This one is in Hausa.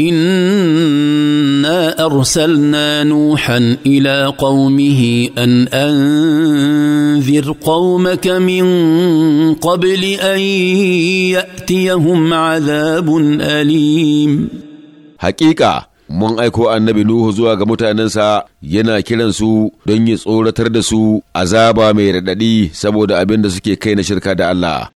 انا ارسلنا نوحا الى قومه ان انذر قومك من قبل ان ياتيهم عذاب اليم حقيقه mun aiko annabi Nuhu zuwa ga mutanensa yana kiransu don yi tsoratar da su azaba mai raɗaɗi saboda abin da suke kai na shirka da Allah.